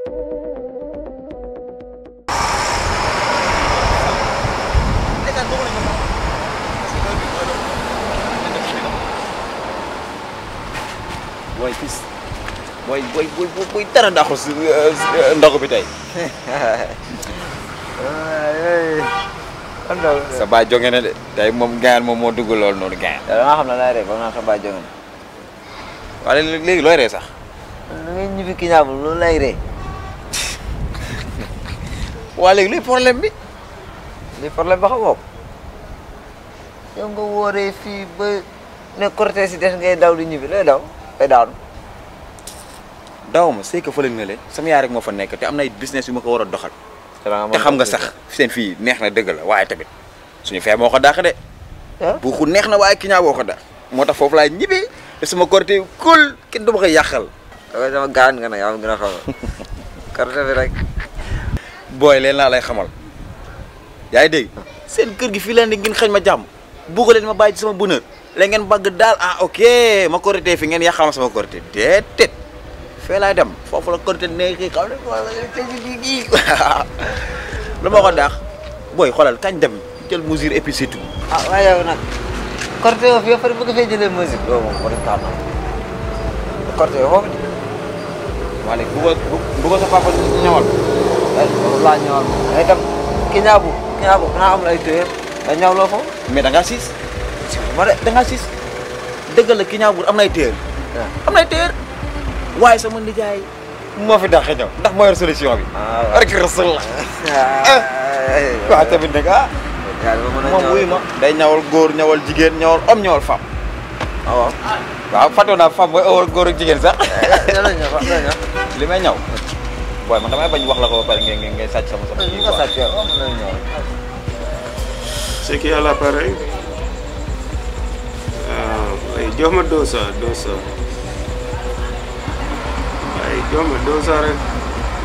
boy fii boy boy boy boy dara ndaxu si eh, ndax bi tey. sa jonge na de tey moom gaan moom moo dugg lool noonu gaan. da nga xam ne laay ba nga xam sa jonge na. waaye léegi looy rey sax. da ngay ñibbi kii naa loolu lay waa léegi luy problème bi luy problème ba xam nga yow nga wooree fii ba ne si des ngay daw di ñibbi lay daw lay ma c'est na le sama yaay rek moo fa nekk te am na ay business yu ma ko war a doxal. te xam nga sax seen fii neex na dëgg la waaye tamit suñu fee moo ko dàq de. bu xu neex na waaye ki ñaa boo moo tax foofu laay ñibbi te sama kenn du ma ko yàqal. waaye sama gaan nga ne yaa ngi gën a xam corté rek. booy leen laa lay xamal yaa ngi dégg seen kër gi fii leen di ngeen xañ ma jàmm bugg leen ma bàyyi ci sama bonheur la ngeen bagg daal ah ok ma korité fi ngeen yàqal ma sama korité déedéet fee laay dem foofu la korité nekk xam ne lu ma ko daax booy xoolal kañ dem jël mesure et puis c'est tout ah waaye yow nag korité yoo fi yëpp bëgg fee jëlee mesure loolu moom war na korité yoo foofu bu bu ko sa papa ñëwal loolu laa ñëwaat mais itam ki ñaabu ki ñaabu xanaa amul ay téye nga ñaaw loo ko. mais da ngaa siis. danga ma de da ngaa siis dëgg la ki ñaabu am nay ay am na ay téye waaye sama nijaay moo fi dàqee ñëw ndax moo yor solution bi. waaw rek rasul la. waaw day ñawal góor ñawal jigéen ñawal homme ñawal femme. waaw waaw fàtte naa femme mooy awal góor jigéen sax. li may ñaw. Bueno, mandame pa yung wakla ko pa rin yung search sa mga mga mga search yun. Sige ala pare. Ay, diyo mo dosa, dosa. Ay, diyo mo dosa rin.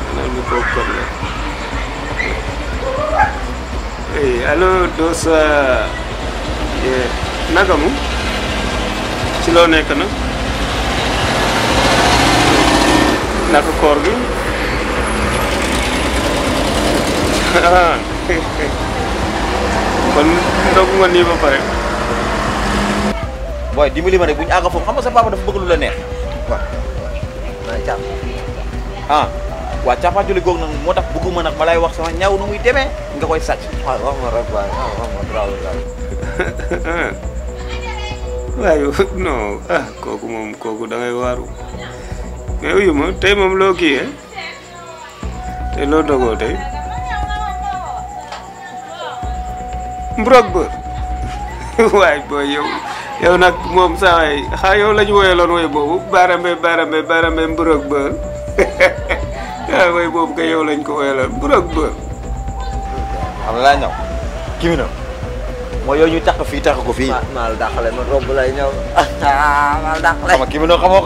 Anong mo popcorn na. Ay, alo dosa. Yeah. Naga mo? Silo na ka na? kon ndogu nga nii ba pare. booy ma rek bu ñu àgg foofu xam nga sa papa dafa bëgg lu la neex. waaw waaw càpp ah waaw moo tax bëgguma nag ma lay wax sama ñaw nu muy demee nga koy sàcc. waaw wax nga rek kooku moom kooku da waaru. mais wuyu tey moom loo kii eh te loo dogoo tey. mburu bër waay booy yow yow nag moom saa waay xaa yow la ñu woyaloon boobu baarambe baarambe baarambe mburu bër waaw woy boobu kay yow lañ ko woyaloon mburu bër xam laa ñëw kimi na yow ñu tax fii tax ko fii maal dàqale ma romb lay ah, maal dàqale xam kimi na xamoo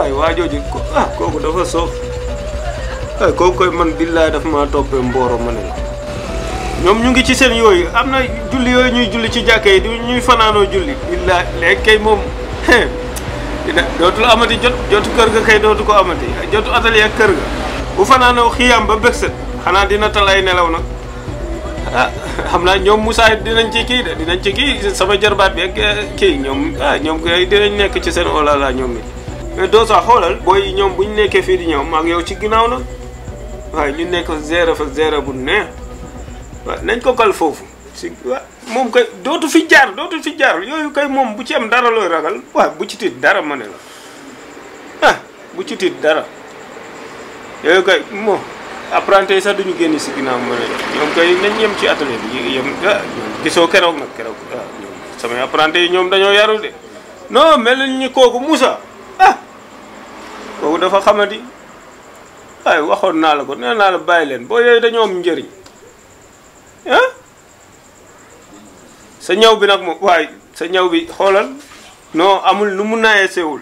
waay waa jooju ko ah kooku dafa soof ay eh, kooku koy man billaay daf maa toppee mbooro ma ne ñoom ñu ngi ci seen yooyu am na julli yooyu ñuy julli ci jàkka yi du ñuy fanaanoo julli billaay léegi kay moom eh, dina amati jot jotu kër ga kay ko amati jotu atelier ak kër ga ba bëgg set xanaa dina tal ay nelaw nag ah xam naa ñoom Moussa dinañ ci kii de dinañ ci kii sama jarbaat bi ak eh, kii ñoom ah ñoom kay dinañ nekk ci seen olala ñoom it Eh, dosa xoolal booy ñoom bu ñu nekkee fii di ñëw maag yow ci ginnaaw la waaye ñu nekk zéro fa zéro bu neex waaw nañ ko kal foofu si waaw moom kay dootu fi jaar dootu fi jaar yooyu kay moom bu ci dara looy ragal waaw bu ci tiit dara ma ah, ci tiit dara yooyu kay moom apprenti sax duñu génn si ginnaaw ma ne la ñoom kay nañ yem ci atelier bi yem ah gisoo keroog nag keroog ah, samay apprenti ñoom dañoo yaru de non mel ni kooku Moussa kooku dafa xamadi waaye waxoon naa la ko nee naa la bàyyi leen boo yooyu dañoo am njëriñ sa ñaw bi nag moom waaye sa ñaw bi xoolal noo amul nu mu naayee sewul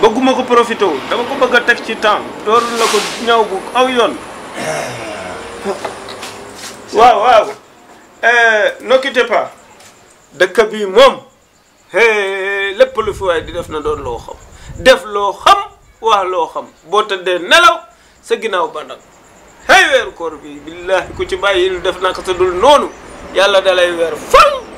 bëgguma ko profité wul dama ko bëgg a teg ci temps door la ko ñaw bu aw yoon waaw waaw eh, ne quittez pas dëkk bi moom lépp lu fi waaye di def na doon loo xam def loo xam wax loo xam boo tëddee nelaw sa ginnaaw ba nag weeru koor bi billahi ku ci bàyyi lu def naka sa dul noonu yàlla dalay weer fal